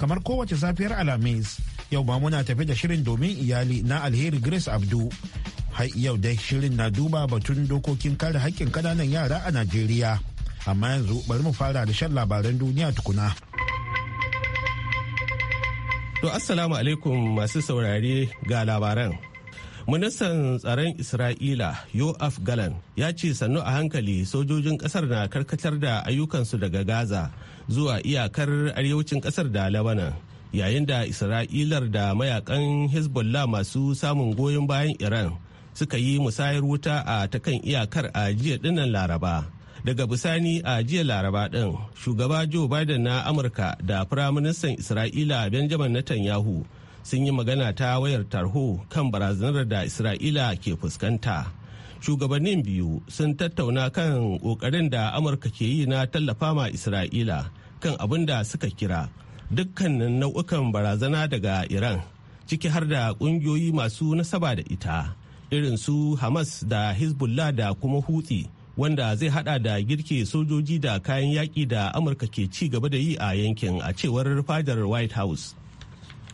kamar kowace safiyar alhamis yau ba muna tafi da shirin domin iyali na alheri grace abdu har yau dai shirin na duba batun dokokin kare haƙƙin kananan yara a najeriya amma yanzu bari mu fara da shan labaran duniya tukuna to assalamu alaikum masu saurare ga labaran ministan tsaron isra'ila yoaf galan ya ce sannu a hankali sojojin kasar na karkatar da ayyukansu daga gaza zuwa iyakar arewacin kasar da labanan yayin da isra'ilar da mayakan hezbollah masu samun goyon bayan iran suka yi musayar wuta a ta kan iyakar a jiya dinnan laraba daga bisani a jiya laraba din shugaba joe biden na amurka da firaministan isra'ila benjamin netanyahu sun yi magana ta wayar tarho kan barazanar da isra'ila ke fuskanta shugabannin biyu sun tattauna kan ƙoƙarin da amurka ke yi na tallafa ma isra'ila kan abin da suka kira dukkanin nau'ukan barazana daga iran ciki har da ƙungiyoyi masu nasaba da ita irin su hamas da hezbollah da kuma hutsi wanda zai hada da girke sojoji da kayan yaƙi da amurka ke ci gaba da yi a yankin a cewar fadar white house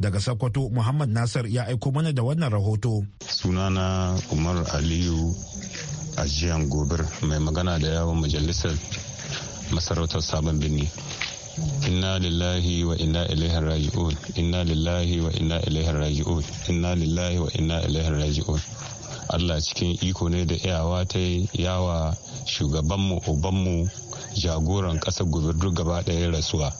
Daga Sokoto Muhammad Nasir ya aiko mana da wannan rahoto. Sunana Umar Aliyu a jiyan Gobir mai magana da yawon majalisar masarautar sabon birni. inna lillahi wa inna ilaihi raji'un inna lillahi wa inna ilaihi raji'un inna lillahi wa inna ilaihi raji'un Allah cikin iko ne da iyawa ta yawa shugabanmu ubanmu jagoran ƙasar gobe duk gaba ɗaya rasuwa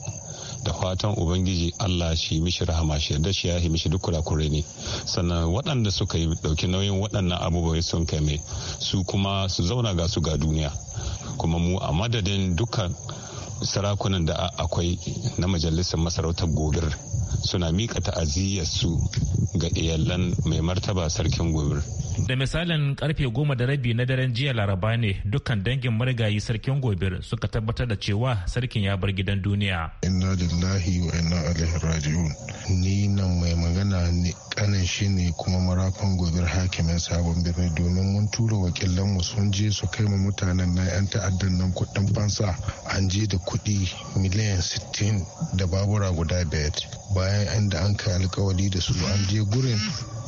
da fatan ubangiji allah shi mishi rahama shi da shi ya yi mishi duk kurakure ne sannan waɗanda suka yi ɗauki nauyin waɗannan abubuwa sun kai su kuma su zauna ga su ga duniya kuma mu a madadin dukkan sarakunan da akwai na majalisar masarautar gobir suna miƙa su ga iyalan mai martaba sarkin gobir. da misalin karfe goma da rabi na daren jiya laraba ne dukkan dangin marigayi sarkin gobir suka tabbatar da cewa sarkin ya bar gidan duniya inna lillahi wa inna ilaihi raji'un ni nan mai magana ne kanin shi ne kuma marafan gobir hakimin sabon birni domin mun tura wakilan mu sun je su kai mu mutanen na yan ta'addan nan kuɗin fansa an je da kudi miliyan sittin da babura guda biyar bayan inda an kai alkawari da su an je gurin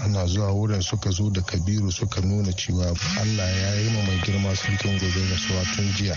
ana zuwa wurin suka zo da kabiru suka nuna cewa allah ya yi ma mai girma sarkin gobe suwa tun jiya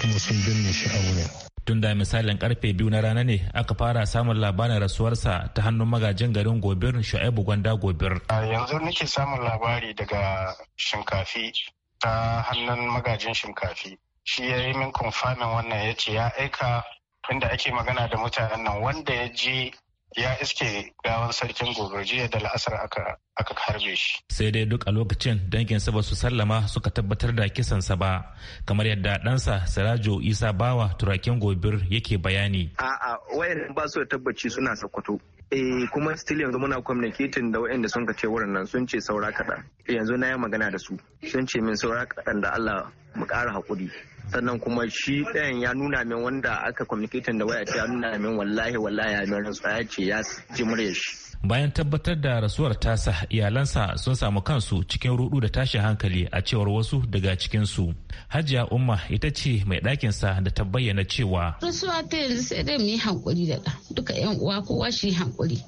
kuma sun binne shi a wurin tun da misalin karfe biyu na rana ne aka fara samun labarin rasuwarsa ta hannun magajin garin gobir shu'aibu gwanda gobir yanzu nake samun labari daga shinkafi ta hannun magajin shinkafi shi ya yi min wannan ya ce ya aika inda ake magana da mutanen nan wanda ya je ya iske gawan sarkin gobe jiya da la'asar aka harbe shi. Sai dai duk a lokacin danginsa ba su sallama suka tabbatar da kisansa ba kamar yadda ɗansa Sirajo Isa Bawa turakin gobir yake bayani. A'a wayan ba su da tabbaci suna sakwato eh kuma still yanzu muna communicating da waɗanda sun kace wurin nan sun ce saura kaɗan yanzu na yi magana da su sun ce min saura kaɗan da Allah mu ƙara haƙuri sannan kuma shi ɗayan ya nuna min wanda aka communicating da waya ya nuna min wallahi wallahi ya min rantsuwa ya ce ya ji muryar shi bayan tabbatar da rasuwar tasa iyalansa sun samu kansu cikin rudu da tashin hankali a cewar wasu daga cikinsu hajiya umma ita ce mai ɗakinsa da ta bayyana cewa rasuwa ta yanzu sai dai mu yi hankuri da duka yan uwa kowa shi hankuri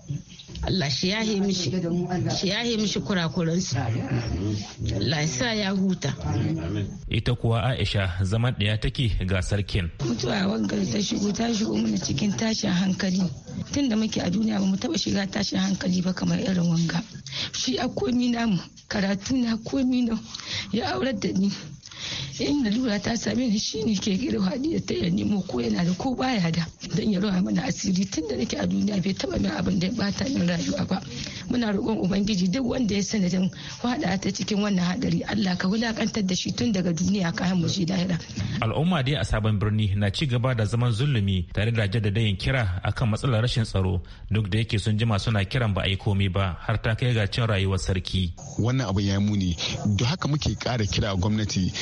Allah shi ya mishi shi yahe mishi kurakuransu Allah sa ya huta ita kuwa Aisha zaman ɗaya take ga sarkin mutuwa wangar ta shigo ta shigo mana cikin tashin hankali tun da muke a duniya ba mu taɓa shiga tashin hankali ba kamar irin wanga shi a komi namu karatu na komi na ya aurar da ni in lalura ta same ni shi ne ke gida hadiya ta ya nemo ko yana da ko baya da don ya rawa mana asiri tun da nake a duniya bai taba min abin da ya bata min rayuwa ba muna roƙon ubangiji duk wanda ya sanadin wada ta cikin wannan hadari Allah ka wulakantar da shi tun daga duniya ka mu shi lahira al'umma dai a sabon birni na ci gaba da zaman zulumi tare da jaddadayin kira akan matsalar rashin tsaro duk da yake sun jima suna kiran ba a yi komai ba har ta kai ga cin rayuwar sarki wannan abu ya muni da haka muke kara kira gwamnati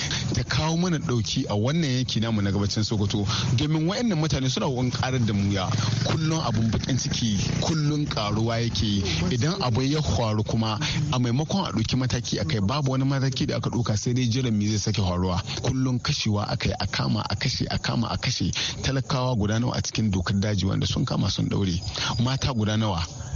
kawo mana dauki a wannan yanki namu na gabacin sokoto domin wayannan mutane suna wani karar da muya kullum abun bakin ciki kullum karuwa yake idan abu ya faru kuma a maimakon a ɗauki mataki akai babu wani mataki da aka ɗauka sai dai jiran me zai sake faruwa kullum kashewa akai a kama a kashe a kama a kashe talakawa guda nawa a cikin dokar daji wanda sun kama sun daure mata guda nawa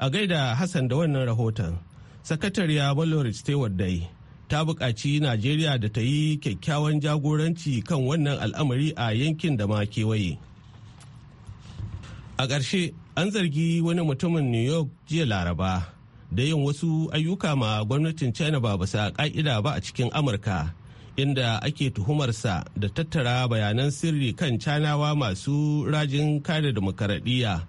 a gaida hassan da wannan rahoton sakatariya mallory stewart dai ta bukaci najeriya da ta yi kyakkyawan jagoranci kan wannan al'amari a yankin da ma kewaye a ƙarshe an zargi wani mutumin new york jiya laraba da yin wasu ayyuka ma gwamnatin china ba bisa ƙa'ida ba a cikin amurka inda ake tuhumarsa da tattara bayanan sirri kan canawa masu rajin kare makaradiyya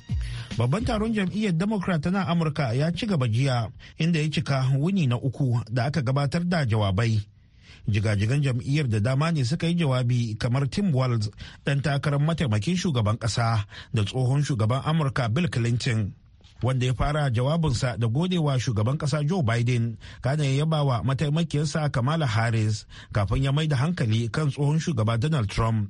babban taron jam'iyyar democrat na amurka ya ci gaba jiya inda ya cika wuni na uku da aka gabatar da jawabai jigajigan jam'iyyar da dama ne suka yi jawabi kamar tim walz dan takarar mataimakin shugaban kasa da tsohon shugaban amurka bill clinton wanda ya fara jawabinsa da godewa shugaban kasa joe biden kada ya yaba wa mataimakiyarsa kamala harris kafin ya mai da hankali kan tsohon shugaba donald trump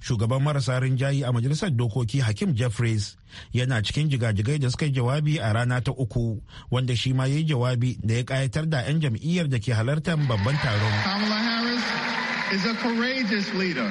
shugaban marasa rinjayi a majalisar dokoki hakim jeffries yana cikin jigajigai da suka yi jawabi a rana ta uku wanda shi ma ya yi jawabi da ya kayatar da 'yan jam'iyyar da ke halartar babban taron. Kamala Harris is a courageous leader.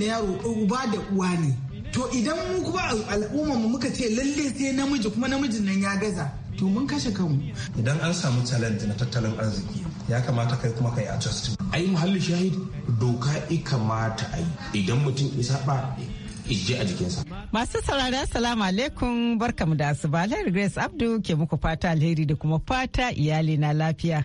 na yaro uba da uwa ne to idan mu kuma al'umma mu muka ce lalle sai namiji kuma namijin nan ya gaza to mun kashe kanmu idan an samu challenge na tattalin arziki ya kamata kai kuma kai adjusting ai muhalli shahid doka i kamata ai idan mutum isa ba ije a jikinsa masu saurara assalamu alaikum barkamu da asuba alheri grace abdu ke muku fata alheri da kuma fata iyali na lafiya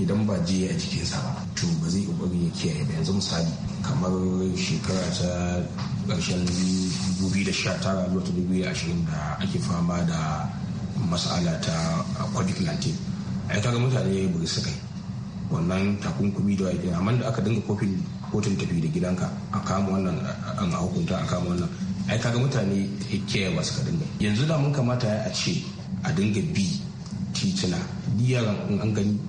idan ba je a jikinsa ba to ba zai kokari ya kiyaye ba yanzu misali kamar shekara ta karshen 2019 zuwa ta 2020 da ake fama da masala ta covid-19 ai kaga mutane ya su kai wannan takunkumi da wajen amma da aka dinga kofin kotun tafi da gidanka a kama wannan an hukunta a kama wannan ai kaga mutane kiyaye ba su ka dinga yanzu da mun kamata a ce a dinga bi titina diyar an gani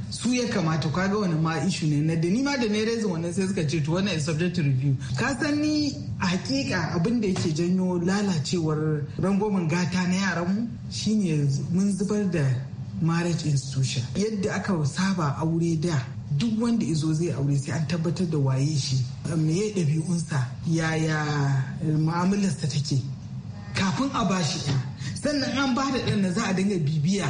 su ya kamata kaga wani ma ishu ne na da ni ma da ne reza wannan sai suka ce to wannan is subject to review ka san ni hakika abin da yake janyo lalacewar rangwamen gata na yaran mu shine mun zubar da marriage institution yadda aka saba aure da duk wanda izo zai aure sai an tabbatar da waye shi Me meye ɗabi'unsa yaya mu'amalarsa take kafin a bashi ɗan sannan an ba da ɗan na za a dinga bibiya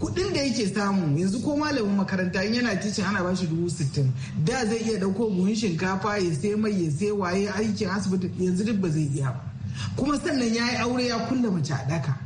kuɗin da yake samu yanzu ko malamin makaranta in yana tishin ana ba shi dubu sittin da zai iya dauko buhun shinkafa ya sai mai ya sai waye aikin asibiti yanzu duk ba zai iya ba kuma sannan ya yi aure ya kulle mace a daka.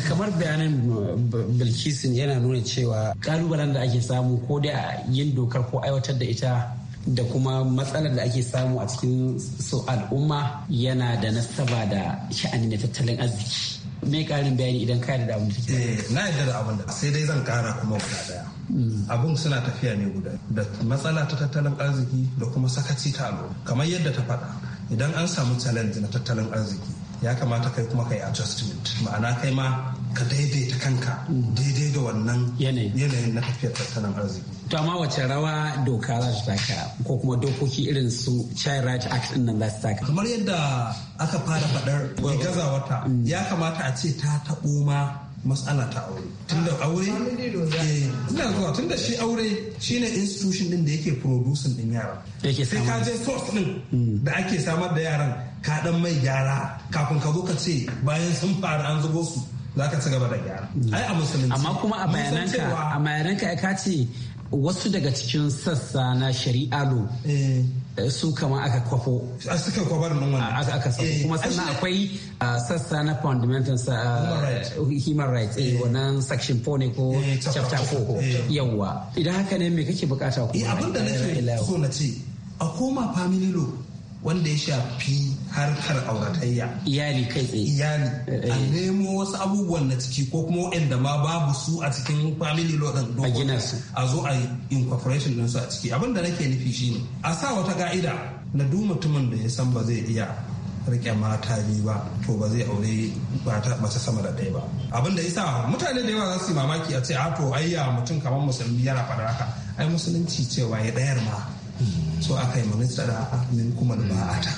kamar bayanan eh, bilkisin yana nuna cewa kalubalen da ake samu ko da yin dokar ko aiwatar da ita da kuma matsalar da ake samu a cikin su al'umma yana da nasaba da sha'ani na tattalin arziki me karin bayani idan ka da abin da eh, na yadda da abin da sai dai zan kara kuma guda daya mm. abun suna tafiya ne guda da matsala ta tattalin arziki da kuma sakaci ta al'umma kamar yadda ta faɗa idan an samu challenge na tattalin arziki ya kamata kai kuma kai adjustment ma'ana kai ma ka daidaita kanka daidai da wannan yanayin na tafiyar tattalin arziki to amma wace rawa doka za su taka ko kuma dokoki irin su child right act din nan za su taka kamar yadda aka fara faɗar mai wata. Mm. ya kamata a ce ta taɓo ma matsala ta aure tunda aure eh, ina zuwa tunda shi aure shine institution din da yake producing din yaran sai ka je source din mm. da ake samar da yaran ka dan mai gyara kafin ka zo ka ce bayan sun fara an zubo su za ka ci gaba da gyara ai a musulunci amma kuma a bayananka a bayananka ka ce wasu daga cikin sassa na shari'a lo eh. su kama aka kwafo a suka kwabar nan wannan aka sako kuma eh. sannan akwai ah, sassa na fundamental ah, human rights eh, eh. wannan section 4 ne ko chapter 4 yawa idan haka ne me kake bukata ku abin da nake so na ce a koma family law wanda ya shafi harkar auratayya iyali kai tsaye iyali eh, a eh. nemo wasu abubuwan na ciki ko kuma waɗanda ma babu su a cikin family law din a gina su a zo a incorporation din su a ciki abinda nake nufi shine a sa wata ka'ida na duk mutumin da ya san ba zai iya rike mata biyu ba to ba zai aure mace sama da ɗaya ba abin da yasa mutane da yawa za su yi mamaki a ce a to ayya mutum kamar musulmi yana faɗa haka ai musulunci cewa ya ɗayar ma so aka yi mamistara min kuma da ba'ata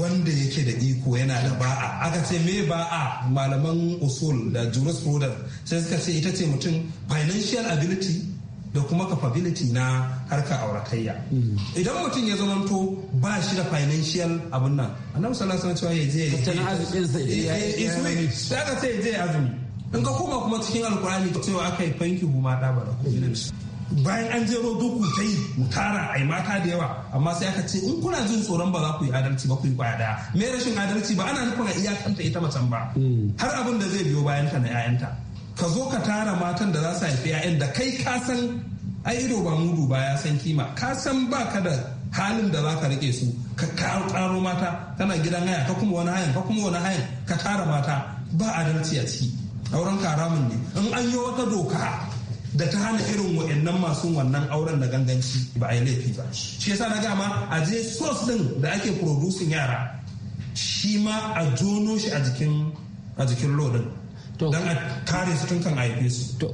wanda yake da iko yana da ba'a aka ce me ba'a malaman usul da jurisprudence sai suka ce ita ce mutum financial ability da kuma capability na harkar auratayya idan mutum ya zamanto ba shi da financial abin nan annabi sallallahu alaihi wasallam ya je tattalin arzikin sai ya yi sai aka ce ya je azumi in ka koma kuma cikin alkurani cewa aka yi fanki huma da bara bayan an jero duk ta yi mutara tara yi mata da yawa amma sai aka ce in kuna jin tsoron ba za ku yi adalci ba ku yi kwaya daya me rashin adalci ba ana nufin a iyakanta ita macen ba hmm. har abin da zai biyo bayan ta na 'ya'yanta ka zo ka tara matan da za su haifi 'ya'yan da kai ka san ai ido ba mudu ba ya san kima ka san ba ka da halin da za ka rike su ka karo mata kana gidan haya ka kuma wani hayan ka kuma wani hayan ka tara mata ba adalci a ciki auren karamin ne in an yi wata doka da ta hana irin wa'annan masu wannan auren da ganganci ba a yi laifi ba shi yasa na gama a je sos din da ake producing yara shi ma a jono shi a jikin a jikin lodin don a kare su tun kan haife su to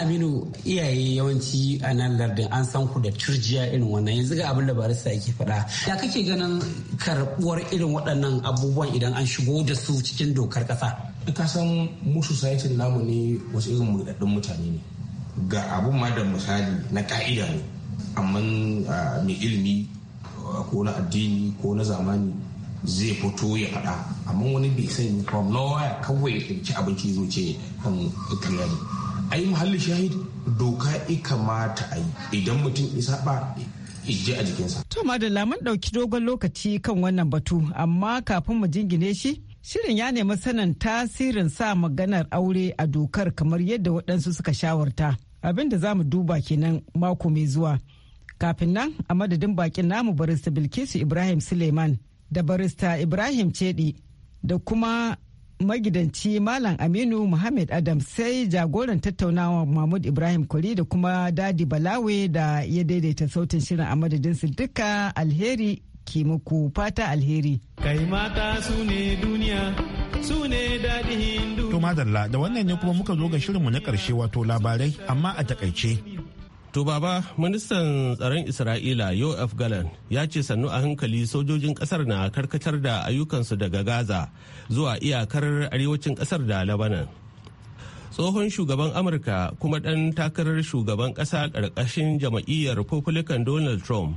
aminu iyaye yawanci a nan lardin an san ku da turjiya irin wannan yanzu ga abin da sa yake faɗa ya kake ganin karɓuwar irin waɗannan abubuwan idan an shigo da su cikin dokar ƙasa ka san mu society namu ne wasu irin mu mutane ne ga abun ma da misali na ka'ida ne amma mai ilimi ko na addini ko na zamani zai fito ya faɗa amma wani bai sani from nowhere kawai ya abinci zo ce kan ne a yi muhalli shahid doka i kamata a yi idan mutum isa ba ije a jikinsa. to madalla mun ɗauki dogon lokaci kan wannan batu amma kafin mu jingine shi Shirin ya nemi sanin tasirin sa maganar aure a dokar kamar yadda waɗansu suka shawarta. Abin da za mu duba kenan mako mai zuwa. Kafin nan a madadin bakin namu barista Bilkisu Ibrahim Suleiman da barista Ibrahim Cedi da kuma magidanci Malam Aminu Muhammad Adam sai jagoran tattaunawa Mahmud Ibrahim Kuri da kuma Dadi Balawe da ya daidaita sautin shirin a madadinsu duka alheri ke muku fata alheri. kai mata su ne duniya su ne daɗi hindu. To madalla da wannan ne kuma muka zo ga shirinmu na ƙarshe wato labarai amma a takaice. To baba, ministan tsaron Isra'ila Yoav Galan ya ce sannu a hankali sojojin kasar na karkatar da ayyukansu daga Gaza zuwa iyakar arewacin kasar da Lebanon. Tsohon shugaban Amurka kuma ɗan takarar shugaban ƙasa ƙarƙashin jama'iyyar Republican Donald Trump